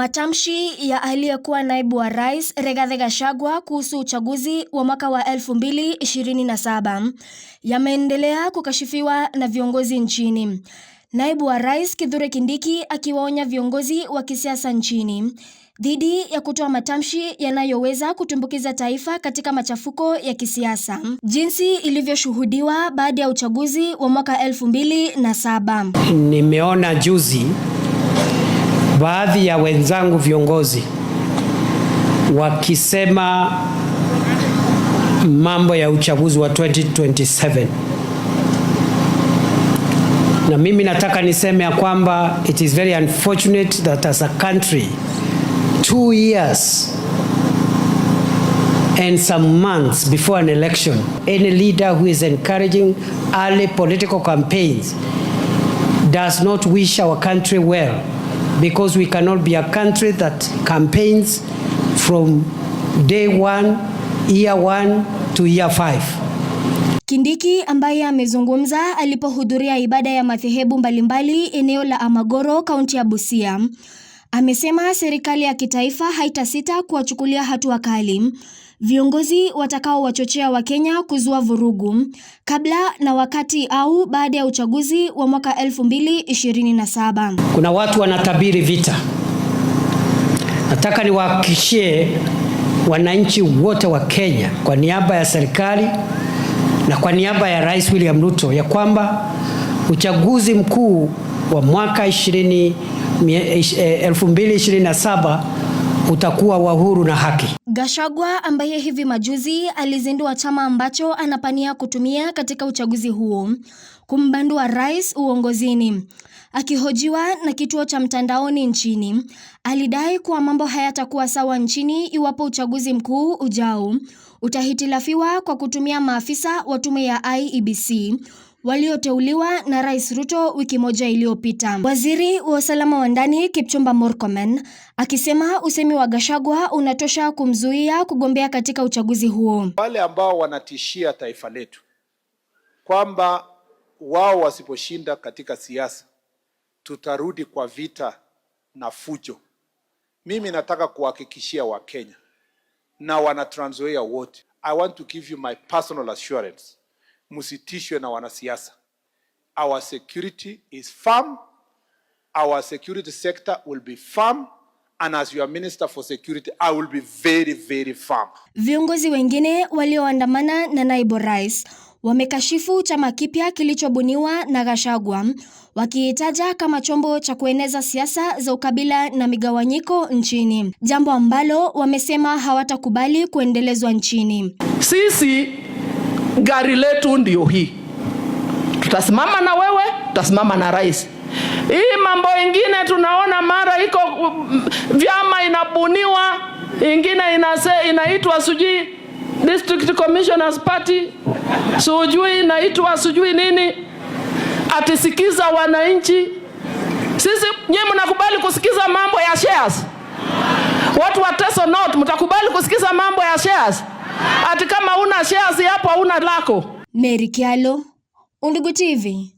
Matamshi ya aliyekuwa naibu wa rais Rigathi Gachagua kuhusu uchaguzi wa mwaka wa 2027 yameendelea kukashifiwa na viongozi nchini. Naibu wa rais Kithure Kindiki akiwaonya viongozi wa kisiasa nchini dhidi ya kutoa matamshi yanayoweza kutumbukiza taifa katika machafuko ya kisiasa, jinsi ilivyoshuhudiwa baada ya uchaguzi wa mwaka 2007. Nimeona juzi baadhi ya wenzangu viongozi wakisema mambo ya uchaguzi wa 2027 na mimi nataka niseme ya kwamba it is very unfortunate that as a country two years and some months before an election any leader who is encouraging early political campaigns does not wish our country well because we cannot be a country that campaigns from day one, year one to year five. Kindiki ambaye amezungumza alipohudhuria ibada ya madhehebu mbalimbali eneo la Amagoro, kaunti ya Busia. Amesema serikali ya kitaifa haitasita kuwachukulia hatua kali viongozi watakaowachochea Wakenya kuzua vurugu kabla na wakati au baada ya uchaguzi wa mwaka 2027. Kuna watu wanatabiri vita. Nataka niwahakikishie wananchi wote wa Kenya kwa niaba ya serikali na kwa niaba ya Rais William Ruto ya kwamba uchaguzi mkuu wa mwaka 20 2027 eh, eh, utakuwa wa huru na haki. Gachagua ambaye hivi majuzi alizindua chama ambacho anapania kutumia katika uchaguzi huo kumbandua rais uongozini. Akihojiwa na kituo cha mtandaoni nchini, alidai kuwa mambo hayatakuwa sawa nchini iwapo uchaguzi mkuu ujao utahitilafiwa kwa kutumia maafisa wa tume ya IEBC walioteuliwa na Rais Ruto wiki moja iliyopita. Waziri wa usalama wa ndani Kipchumba Murkomen akisema usemi wa Gashagwa unatosha kumzuia kugombea katika uchaguzi huo. Wale ambao wanatishia taifa letu kwamba wao wasiposhinda katika siasa tutarudi kwa vita na fujo. Mimi nataka kuhakikishia Wakenya na wana Trans Nzoia wote, I want to give you my personal assurance msitishwe na wanasiasa. Our security is firm, our security sector will be firm. And as your minister for security, I will be very, very firm. Viongozi wengine walioandamana na naibu rais wamekashifu chama kipya kilichobuniwa na Gachagua wakiitaja kama chombo cha kueneza siasa za ukabila na migawanyiko nchini, jambo ambalo wamesema hawatakubali kuendelezwa nchini. Sisi gari letu ndio hii. Tutasimama na wewe, tutasimama na rais. Hii mambo ingine tunaona mara iko mm, vyama inabuniwa, ingine inaitwa sijui District Commissioners Party, sijui inaitwa sijui nini, atisikiza wananchi. Sisi nyewe, mnakubali kusikiza mambo ya shares? Watu wa Teso North, mtakubali kusikiza mambo ya shares? Ati kama una shares hapo una lako. Mary Kyalo, Undugu TV.